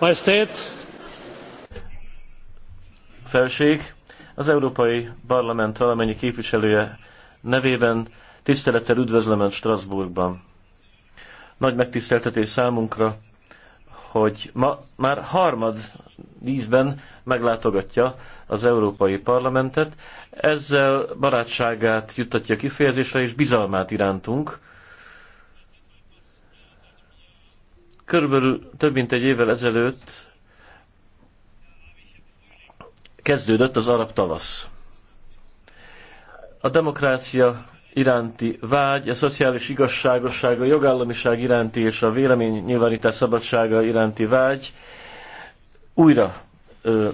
Majestét! Felség, az Európai Parlament valamennyi képviselője nevében tisztelettel üdvözlöm Önt Strasbourgban. Nagy megtiszteltetés számunkra, hogy ma már harmad ízben meglátogatja az Európai Parlamentet. Ezzel barátságát juttatja kifejezésre és bizalmát irántunk, Körülbelül több mint egy évvel ezelőtt kezdődött az arab tavasz. A demokrácia iránti vágy, a szociális igazságosság, a jogállamiság iránti és a vélemény nyilvánítás szabadsága iránti vágy újra ö,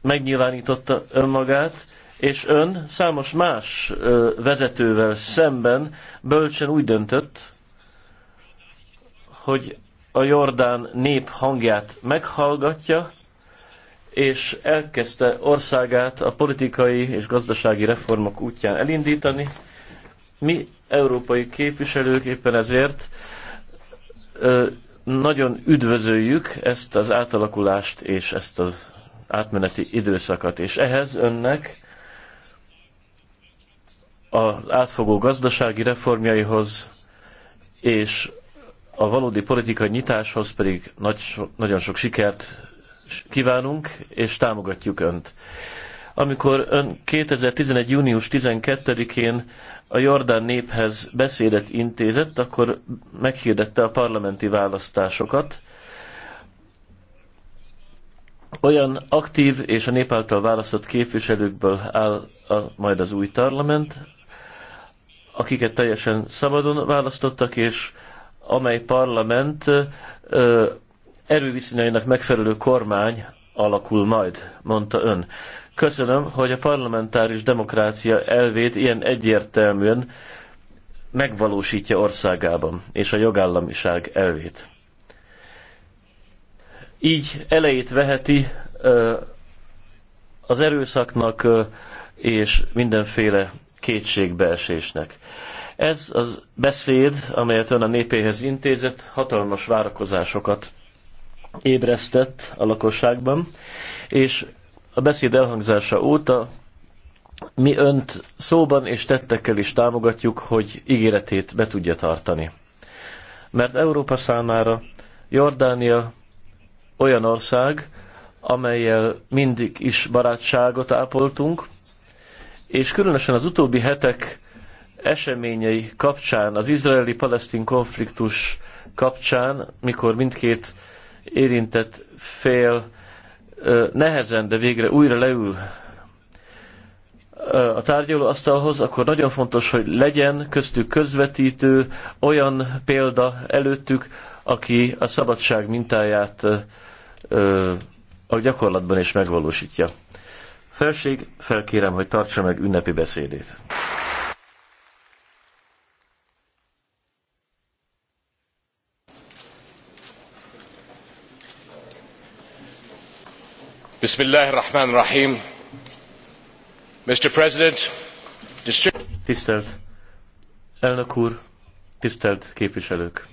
megnyilvánította önmagát, és ön számos más ö, vezetővel szemben bölcsen úgy döntött, hogy a Jordán nép hangját meghallgatja, és elkezdte országát a politikai és gazdasági reformok útján elindítani. Mi, európai képviselők éppen ezért nagyon üdvözöljük ezt az átalakulást és ezt az átmeneti időszakat, és ehhez önnek az átfogó gazdasági reformjaihoz és a valódi politikai nyitáshoz pedig nagy, nagyon sok sikert kívánunk, és támogatjuk Önt. Amikor Ön 2011. június 12-én a Jordán néphez beszédet intézett, akkor meghirdette a parlamenti választásokat. Olyan aktív és a nép által választott képviselőkből áll a, majd az új parlament, akiket teljesen szabadon választottak, és amely parlament erőviszonyainak megfelelő kormány alakul majd, mondta ön. Köszönöm, hogy a parlamentáris demokrácia elvét ilyen egyértelműen megvalósítja országában, és a jogállamiság elvét. Így elejét veheti az erőszaknak és mindenféle kétségbeesésnek. Ez az beszéd, amelyet ön a népéhez intézett, hatalmas várakozásokat ébresztett a lakosságban, és a beszéd elhangzása óta mi önt szóban és tettekkel is támogatjuk, hogy ígéretét be tudja tartani. Mert Európa számára Jordánia olyan ország, amelyel mindig is barátságot ápoltunk, és különösen az utóbbi hetek eseményei kapcsán, az izraeli-palesztin konfliktus kapcsán, mikor mindkét érintett fél nehezen, de végre újra leül a tárgyalóasztalhoz, akkor nagyon fontos, hogy legyen köztük közvetítő, olyan példa előttük, aki a szabadság mintáját a gyakorlatban is megvalósítja. Felség, felkérem, hogy tartsa meg ünnepi beszédét. Bismillahirrahmanirrahim. Mr. President, Tisztelt elnök úr, tisztelt képviselők!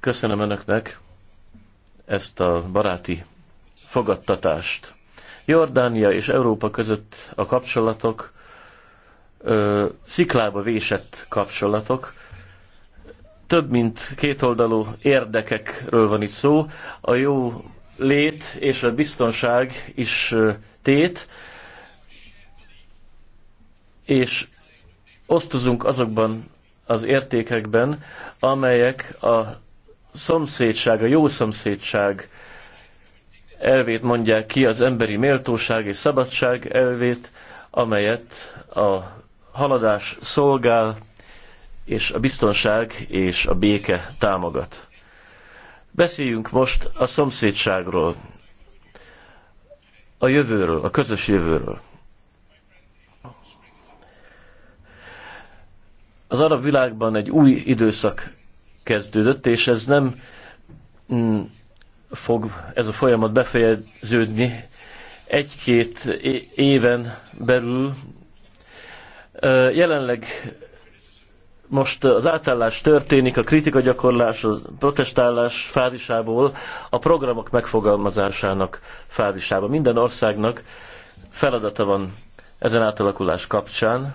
Köszönöm önöknek ezt a baráti fogadtatást. Jordánia és Európa között a kapcsolatok ö, sziklába vésett kapcsolatok. Több mint kétoldalú érdekekről van itt szó. A jó lét és a biztonság is tét, és osztozunk azokban az értékekben, amelyek a szomszédság, a jó szomszédság elvét mondják ki, az emberi méltóság és szabadság elvét, amelyet a haladás szolgál, és a biztonság és a béke támogat. Beszéljünk most a szomszédságról, a jövőről, a közös jövőről. Az arab világban egy új időszak kezdődött, és ez nem mm, fog ez a folyamat befejeződni egy-két éven belül. Jelenleg most eh, az átállás történik a kritika gyakorlás, a protestálás fázisából a programok megfogalmazásának fázisába. Minden országnak feladata van ezen átalakulás kapcsán.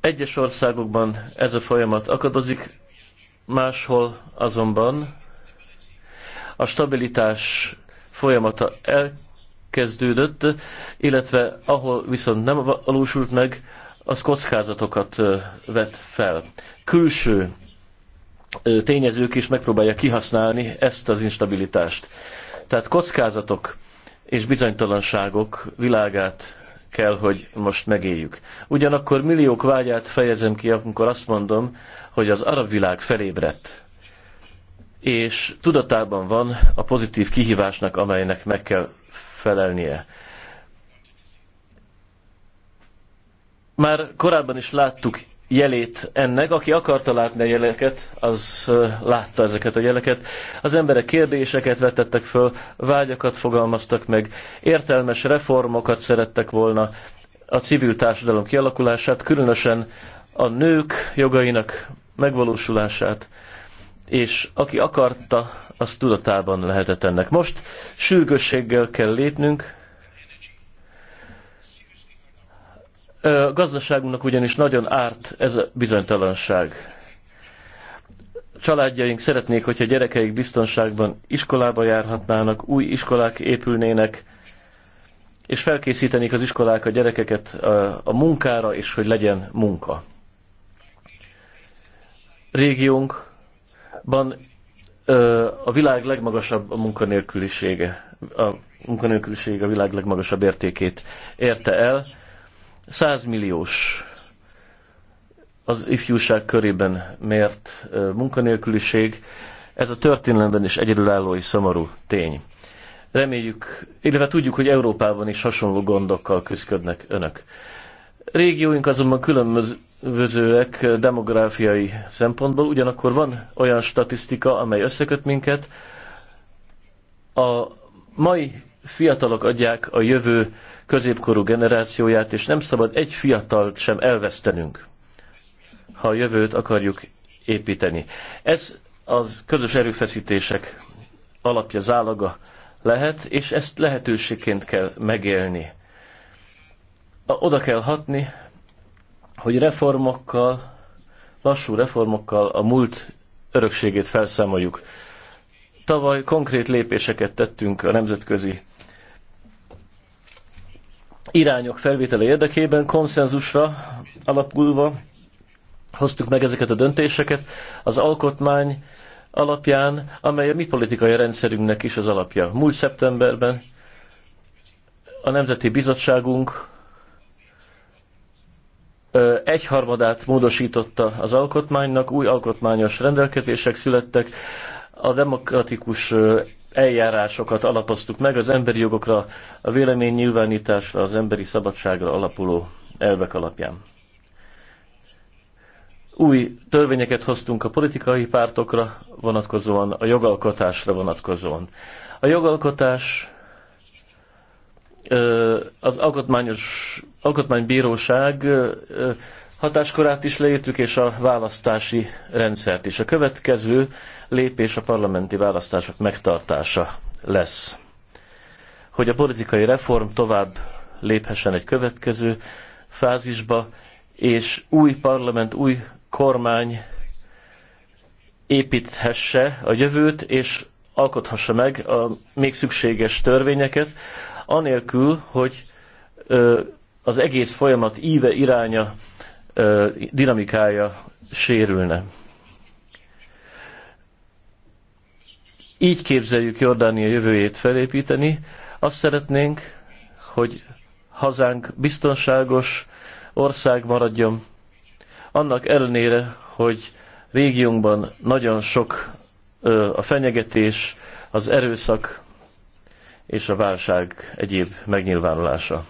Egyes országokban ez a folyamat akadozik, máshol azonban a stabilitás folyamata el kezdődött, illetve ahol viszont nem valósult meg, az kockázatokat vet fel. Külső tényezők is megpróbálják kihasználni ezt az instabilitást. Tehát kockázatok és bizonytalanságok világát kell, hogy most megéljük. Ugyanakkor milliók vágyát fejezem ki, amikor azt mondom, hogy az arab világ felébredt, és tudatában van a pozitív kihívásnak, amelynek meg kell felelnie. Már korábban is láttuk jelét ennek, aki akarta látni a jeleket, az látta ezeket a jeleket. Az emberek kérdéseket vetettek föl, vágyakat fogalmaztak meg, értelmes reformokat szerettek volna, a civil társadalom kialakulását, különösen a nők jogainak megvalósulását, és aki akarta az tudatában lehetett ennek. Most sürgősséggel kell lépnünk. A gazdaságunknak ugyanis nagyon árt ez a bizonytalanság. Családjaink szeretnék, hogyha gyerekeik biztonságban iskolába járhatnának, új iskolák épülnének, és felkészítenék az iskolák a gyerekeket a, a munkára, és hogy legyen munka. Régiónkban a világ legmagasabb a munkanélkülisége. A munkanélküliség a világ legmagasabb értékét érte el. 100 milliós az ifjúság körében mért munkanélküliség. Ez a történelemben is egyedülálló és szomorú tény. Reméljük, illetve tudjuk, hogy Európában is hasonló gondokkal küzdködnek önök. Régióink azonban különbözőek demográfiai szempontból, ugyanakkor van olyan statisztika, amely összeköt minket. A mai fiatalok adják a jövő középkorú generációját, és nem szabad egy fiatalt sem elvesztenünk, ha a jövőt akarjuk építeni. Ez az közös erőfeszítések alapja, zálaga lehet, és ezt lehetőségként kell megélni. Oda kell hatni, hogy reformokkal, lassú reformokkal a múlt örökségét felszámoljuk. Tavaly konkrét lépéseket tettünk a nemzetközi irányok felvétele érdekében, konszenzusra alapulva hoztuk meg ezeket a döntéseket az alkotmány alapján, amely a mi politikai rendszerünknek is az alapja. Múlt szeptemberben a Nemzeti Bizottságunk egyharmadát módosította az alkotmánynak, új alkotmányos rendelkezések születtek, a demokratikus eljárásokat alapoztuk meg, az emberi jogokra, a vélemény nyilvánításra, az emberi szabadságra alapuló elvek alapján. Új törvényeket hoztunk a politikai pártokra vonatkozóan, a jogalkotásra vonatkozóan. A jogalkotás az alkotmányos, alkotmánybíróság hatáskorát is leírtük, és a választási rendszert is. A következő lépés a parlamenti választások megtartása lesz. Hogy a politikai reform tovább léphessen egy következő fázisba, és új parlament, új kormány építhesse a jövőt, és alkothassa meg a még szükséges törvényeket, anélkül, hogy az egész folyamat íve, iránya, dinamikája sérülne. Így képzeljük Jordánia jövőjét felépíteni. Azt szeretnénk, hogy hazánk biztonságos ország maradjon, annak ellenére, hogy régiónkban nagyon sok a fenyegetés, az erőszak, és a válság egyéb megnyilvánulása.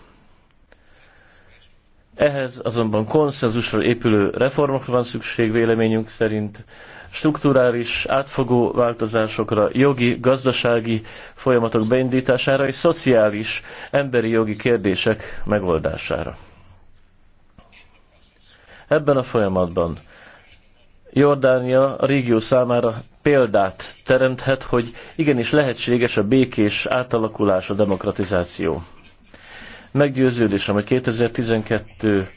Ehhez azonban konszenzusra épülő reformokra van szükség véleményünk szerint, strukturális, átfogó változásokra, jogi, gazdasági folyamatok beindítására és szociális, emberi jogi kérdések megoldására. Ebben a folyamatban Jordánia a régió számára példát teremthet, hogy igenis lehetséges a békés átalakulás, a demokratizáció. Meggyőződésem, hogy 2012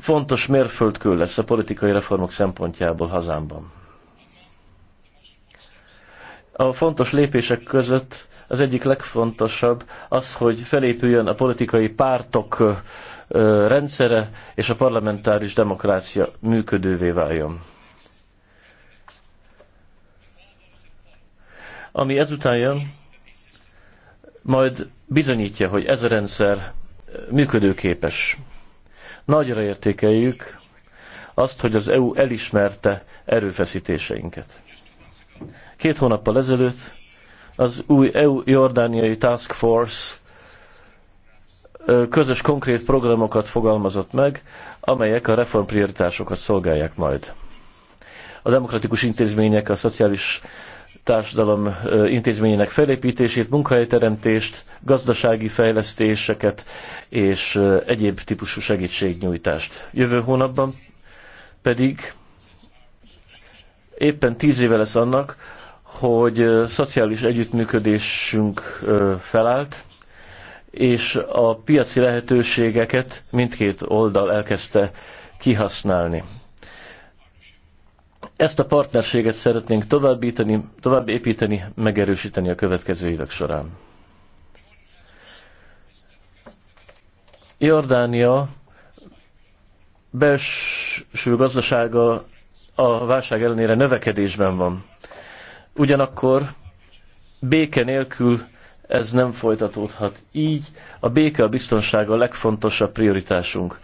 fontos mérföldkő lesz a politikai reformok szempontjából hazámban. A fontos lépések között az egyik legfontosabb az, hogy felépüljön a politikai pártok rendszere és a parlamentáris demokrácia működővé váljon. ami ezután jön, majd bizonyítja, hogy ez a rendszer működőképes. Nagyra értékeljük azt, hogy az EU elismerte erőfeszítéseinket. Két hónappal ezelőtt az új EU-jordániai Task Force közös konkrét programokat fogalmazott meg, amelyek a reformprioritásokat szolgálják majd. A demokratikus intézmények, a szociális társadalom intézményének felépítését, munkahelyteremtést, gazdasági fejlesztéseket és egyéb típusú segítségnyújtást. Jövő hónapban pedig éppen tíz éve lesz annak, hogy szociális együttműködésünk felállt, és a piaci lehetőségeket mindkét oldal elkezdte kihasználni. Ezt a partnerséget szeretnénk továbbítani, tovább építeni, megerősíteni a következő évek során. Jordánia belső gazdasága a válság ellenére növekedésben van. Ugyanakkor béke nélkül ez nem folytatódhat. Így a béke a biztonsága a legfontosabb prioritásunk.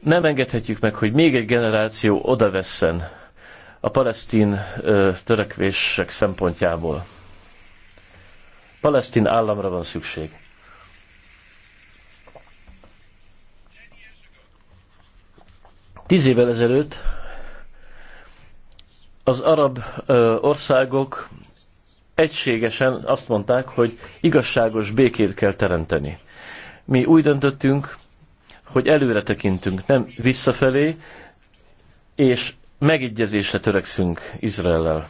Nem engedhetjük meg, hogy még egy generáció odavesszen a palesztin törekvések szempontjából. Palesztin államra van szükség. Tíz évvel ezelőtt az arab országok egységesen azt mondták, hogy igazságos békét kell teremteni. Mi úgy döntöttünk, hogy előre tekintünk, nem visszafelé, és megegyezésre törekszünk Izraellel.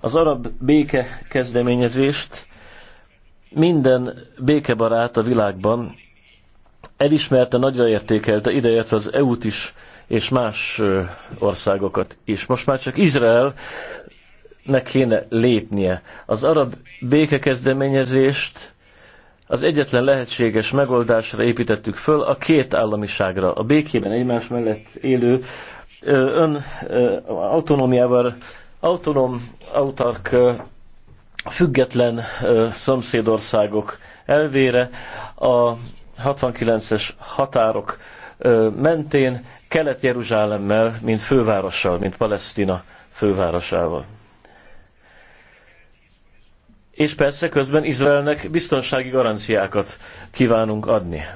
Az arab béke kezdeményezést minden békebarát a világban elismerte, nagyra értékelte, ideértve az EU-t is, és más országokat is. Most már csak Izraelnek kéne lépnie. Az arab békekezdeményezést az egyetlen lehetséges megoldásra építettük föl, a két államiságra, a békében egymás mellett élő ön autonómiával, autonóm autark független szomszédországok elvére a 69-es határok mentén Kelet-Jeruzsálemmel, mint fővárossal, mint Palesztina fővárosával. És persze közben Izraelnek biztonsági garanciákat kívánunk adni.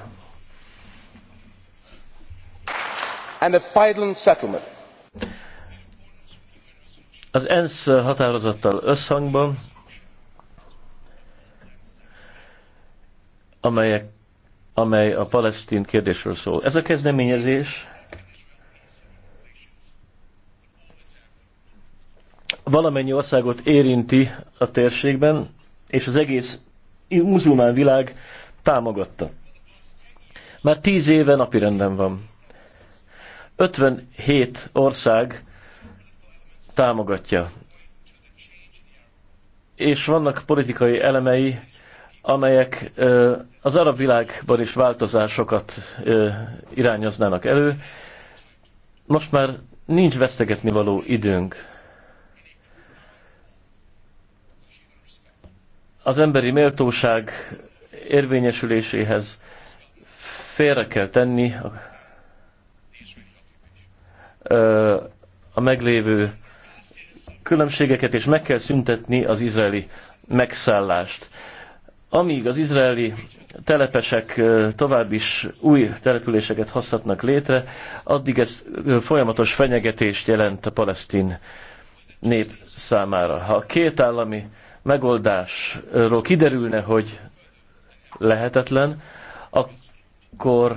and a final settlement. Az ENSZ határozattal összhangban, amelyek, amely a palesztin kérdésről szól. Ez a kezdeményezés valamennyi országot érinti a térségben, és az egész muzulmán világ támogatta. Már tíz éve napirenden van. 57 ország támogatja. És vannak politikai elemei, amelyek az arab világban is változásokat irányoznának elő. Most már nincs vesztegetni való időnk. Az emberi méltóság érvényesüléséhez félre kell tenni a meglévő különbségeket, és meg kell szüntetni az izraeli megszállást. Amíg az izraeli telepesek tovább is új településeket hozhatnak létre, addig ez folyamatos fenyegetést jelent a palesztin nép számára. Ha a két állami megoldásról kiderülne, hogy lehetetlen, akkor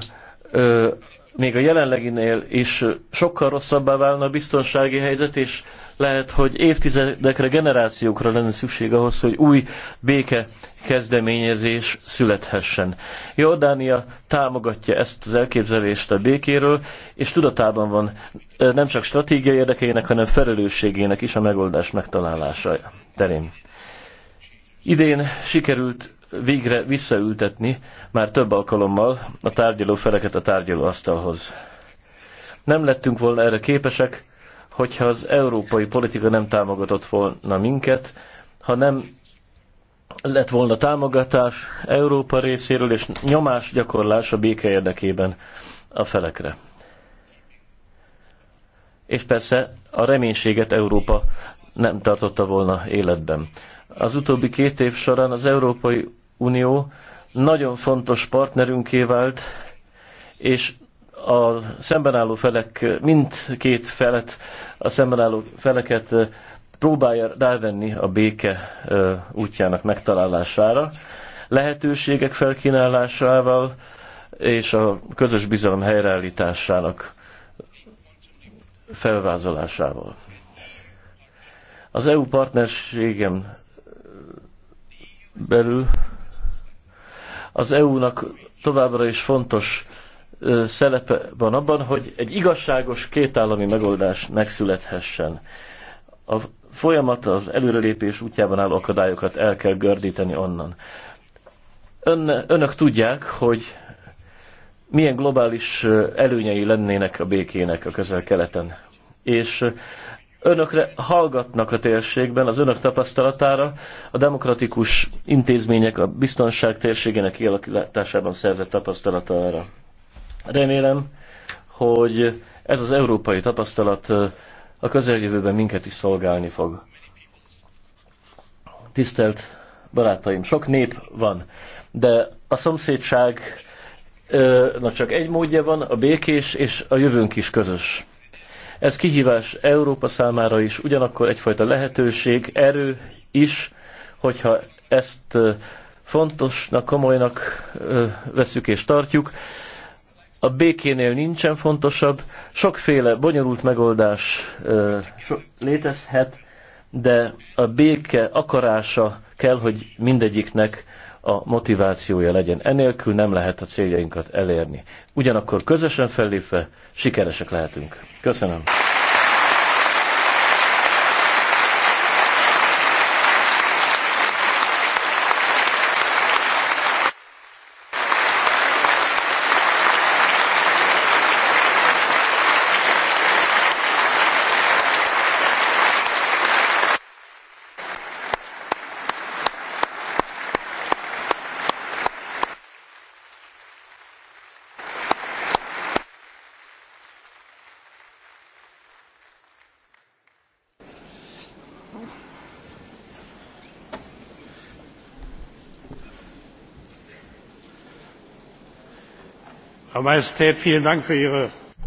még a jelenleginél is sokkal rosszabbá válna a biztonsági helyzet, és lehet, hogy évtizedekre, generációkra lenne szükség ahhoz, hogy új béke kezdeményezés születhessen. Jordánia támogatja ezt az elképzelést a békéről, és tudatában van nem csak stratégiai érdekeinek, hanem felelősségének is a megoldás megtalálása terén. Idén sikerült végre visszaültetni már több alkalommal a tárgyaló feleket a asztalhoz. Nem lettünk volna erre képesek, hogyha az európai politika nem támogatott volna minket, ha nem lett volna támogatás Európa részéről és nyomás gyakorlás a béke érdekében a felekre. És persze a reménységet Európa nem tartotta volna életben. Az utóbbi két év során az Európai Unió nagyon fontos partnerünké vált, és a szembenálló felek, mindkét felet, a szembenálló feleket próbálja rávenni a béke útjának megtalálására, lehetőségek felkínálásával és a közös bizalom helyreállításának felvázolásával. Az EU partnerségem belül az EU-nak továbbra is fontos szerepe van abban, hogy egy igazságos kétállami megoldás megszülethessen. A folyamat az előrelépés útjában álló akadályokat el kell gördíteni onnan. Ön, önök tudják, hogy milyen globális előnyei lennének a békének a közel-keleten. És önökre hallgatnak a térségben, az önök tapasztalatára, a demokratikus intézmények a biztonság térségének kialakításában szerzett tapasztalatára. Remélem, hogy ez az európai tapasztalat a közeljövőben minket is szolgálni fog. Tisztelt barátaim, sok nép van, de a szomszédság na csak egy módja van, a békés és a jövőnk is közös. Ez kihívás Európa számára is, ugyanakkor egyfajta lehetőség, erő is, hogyha ezt fontosnak, komolynak veszük és tartjuk. A békénél nincsen fontosabb, sokféle bonyolult megoldás létezhet, de a béke akarása kell, hogy mindegyiknek a motivációja legyen. Enélkül nem lehet a céljainkat elérni. Ugyanakkor közösen fellépve sikeresek lehetünk. Köszönöm.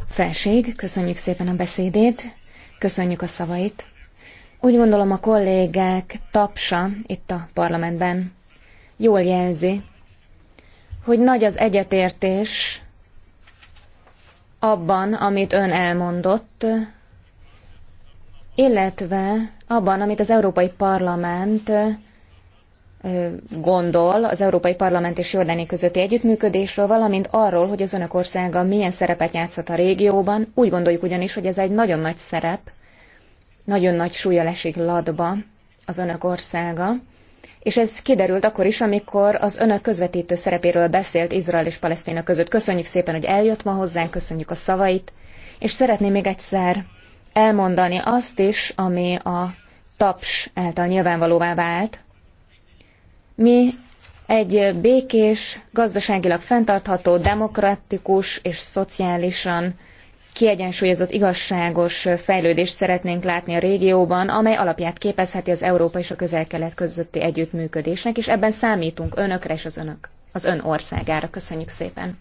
Felség, köszönjük szépen a beszédét, köszönjük a szavait. Úgy gondolom a kollégák tapsa itt a parlamentben jól jelzi, hogy nagy az egyetértés abban, amit ön elmondott, illetve abban, amit az Európai Parlament gondol az Európai Parlament és Jordáni közötti együttműködésről, valamint arról, hogy az önök országa milyen szerepet játszhat a régióban. Úgy gondoljuk ugyanis, hogy ez egy nagyon nagy szerep, nagyon nagy súlya esik ladba az önök országa, és ez kiderült akkor is, amikor az önök közvetítő szerepéről beszélt Izrael és Palesztina között. Köszönjük szépen, hogy eljött ma hozzánk, köszönjük a szavait, és szeretném még egyszer elmondani azt is, ami a taps által nyilvánvalóvá vált, mi egy békés, gazdaságilag fenntartható, demokratikus és szociálisan kiegyensúlyozott, igazságos fejlődést szeretnénk látni a régióban, amely alapját képezheti az Európa és a közel-kelet közötti együttműködésnek, és ebben számítunk önökre és az önök, az ön országára. Köszönjük szépen!